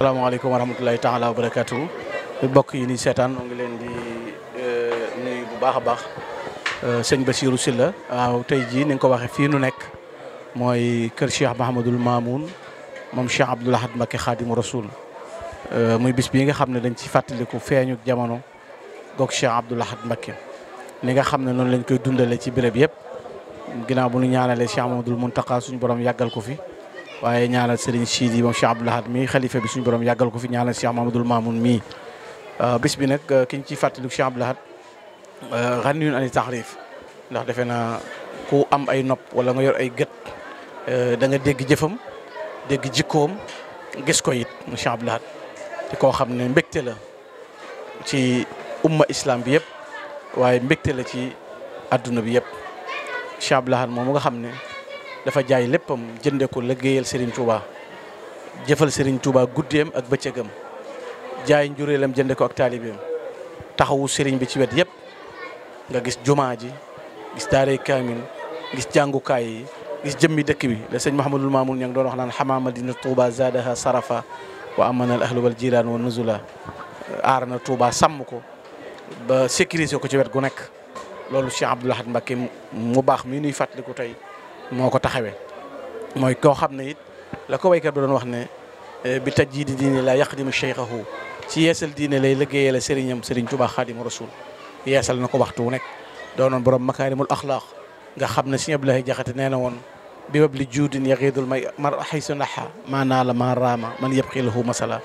salaamaaleykum wa rahmatulahi taala wa barakaatu mbokk yi ni seetaan mu leen di euh, nuyu bu baax a baax euh, sëñ Bassirou la waaw tey jii ni nga ko waxee fii nu nekk mooy kër Cheikh Mahamadul Mamoun moom Cheikh Abdoul Ahad Mbacké Khadimu Rasoul euh, muy bis bii nga xam ne dañ ci fàttaliku feeñu jamono goog Cheikh Abdoul Ahad Mbacké ni nga xam ne noonu lañ koy dundale ci béréb yëpp ginnaaw bu ñu ñaanalee Cheikh Mahamadul Muntaqa suñu borom yàggal ko fi waaye ñaanal Serigne Sidi moom Cheikh Abdou Lahad mi xalifa bi suñu borom yàggal ko fi ñaanal Cheikh Mamadou Mamoun mii euh, bis bi nag euh, kiñ ñu ciy fàttaliku Cheikh Abdou Lahad ran euh, yun taxrif ndax defe naa ku am ay nopp wala nga yor ay gët danga nga dégg jëfam dégg jikkoom gis ko it Cheikh Abdou koo xam ne mbégte la ci umma islam bi yëpp waaye mbégte la ci adduna bi yëpp Cheikh Abdou Lahad moom nga xam ne dafa jaay léppam jënde ko liggéeyal Serigne Touba jëfal Serigne Touba guddeem ak bëccëgam jaay njureelam jënde ko ak taalibeem taxawu Serigne bi ci wet yëpp nga gis jumaa ji gis daaray kaamil gis jàngukaay yi gis jëmmi dëkk bi la sëñ Mahamadul Mamoun ña ngi doon wax naan xamaa madina Touba zaadaha sarafa wa amanal ahlu jiraan wa nuzula aar na Touba sàmm ko ba sécuriser ko ci wet gu nekk loolu Cheikh Abdoul Ahad mu baax mi nuy fàttaliku tey moo ko taxawee mooy koo xam ne it la ko waykat bi doon wax ne eh, bi taj jii di diine la yaqdimu cheikhahu ci yeesal diine lay liggéeyee la sëriñam sëriñ Tuubaa Xaadimu Rasuul yeesal na ko waxtu wu nekk doonoon borom makaarimul axlaaq nga xam ne Sëriñ Abdoulaye Jaxate nee na woon bi wab li juudin yaxiidul may mar xaysu naxa maa naa la maa raama man yëpp xiilahu masala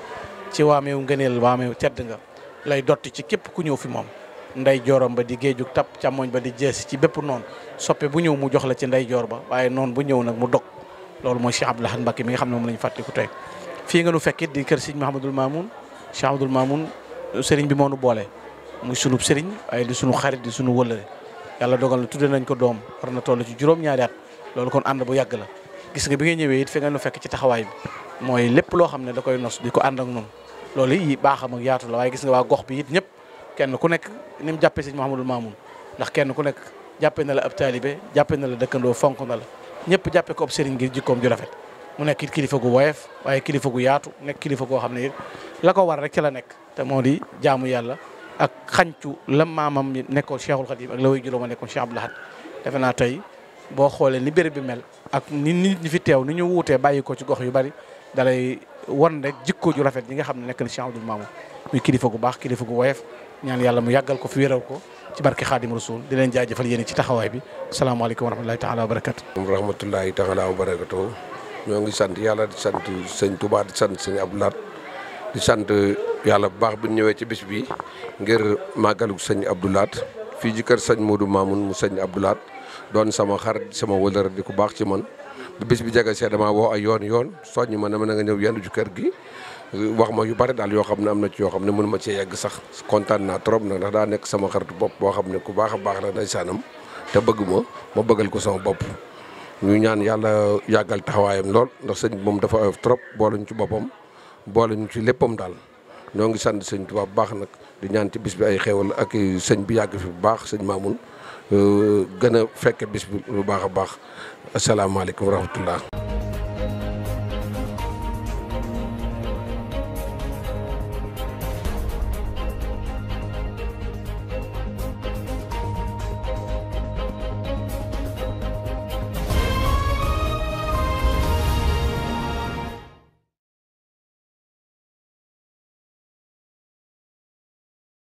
ci waameew ngëneel waameew tedd nga lay dotti ci képp ku ñëw fi moom ndeyjooram ba di géejug tap càmmoñ ba di jees ci bépp noon soppe bu ñëw mu jox la ci ndeyjoor ba waaye noonu bu ñëw nag mu dog loolu mooy Cheikh Abdoul Ahad Mbacké mi nga xam ne moom la ñu ko tey fii nga nu fekkit di kër Serigne Mahamadul Mamoun Cheikh Abdoul Mamoun Serigne bi moo nu boole muy sunub Serigne waaye di xarit di sunu wëllëre yàlla dogal na nañ ko doom war na toll ci juróom at loolu kon bu yàgg la gis nga bi nga ñëwee it fi fekk ci taxawaay bi mooy lépp loo xam ne da koy nos di ko ànd ak noonu loolu yi baaxam ak yaatu la waaye gis nga waa gox bi it ñëpp kenn ku nekk ni mu jàppee sëñ Mouhamadul Mamoun ndax kenn ku nekk jàppe na la ab taalibe jàppee na la dëkkandoo fonk na la ñëpp jàppee ko ab sëriñ jikkoom ju rafet mu nekk it kilifa gu woyof waaye kilifa gu yaatu nekk kilifa goo xam ne la ko war rek ci la nekk te moo di jaamu yàlla ak xancu la maamam nekkoon Cheikhul Khadim ak la nekkoon Cheikh Abdoul Ahad defe tey boo xoolee ni béréb bi mel ak ni nit fi teew ni ñu wuutee bàyyi ko ci gox yu bari dalay wan rek jikko ju rafet ñi nga xam ne nekk na Cheikh Abdoul Mamoun muy kilifa gu baax kilifa gu woyof ñaan yàlla mu yàggal ko fi wéral ko ci barke xaadim rasul di leen jaajëfal yéen ci taxawaay bi salaamaaleykum wa rahmatulahi taala wa barakatu m rahmatulahi taala wa barakatu ñoo ngi sant yàlla di sant sëñ Touba di sant sëñ Abdou Lahad di sant yàlla bu baax bu ñëwee ci bis bi ngir màggalu sëñ Abdou Lahad fii ci kër sëñ Modou Mamoun mu sëñ Abdou Lahad doon sama xar sama wëlëra di ku baax ci man bis bi jege see dama woo ay yoon yoon soññ ma ne ma na nga ñëw yenn ci kër gi wax ma yu bari daal yoo xam ne am na ci yoo xam ne mënu ma cee yegg sax kontaan naa trop nag ndax daa nekk sama xaritu bopp boo xam ne ku baax a baax la ndeysaanam te bëgg ma ma bëggal ko sama bopp ñu ñaan yàlla yàggal taxawaayam lool ndax sëñ moom dafa oyof trop boola ñu ci boppam boole ñu ci léppam daal ñoo ngi sant sëñ Tuubaa bu baax nag di ñaan ci bis bi ay xéewal ak sëñ bu yàgg fi bu baax sëñ Maamun gën a fekke bis bi lu baax a baax asalaamaaleykum wa rahmatullah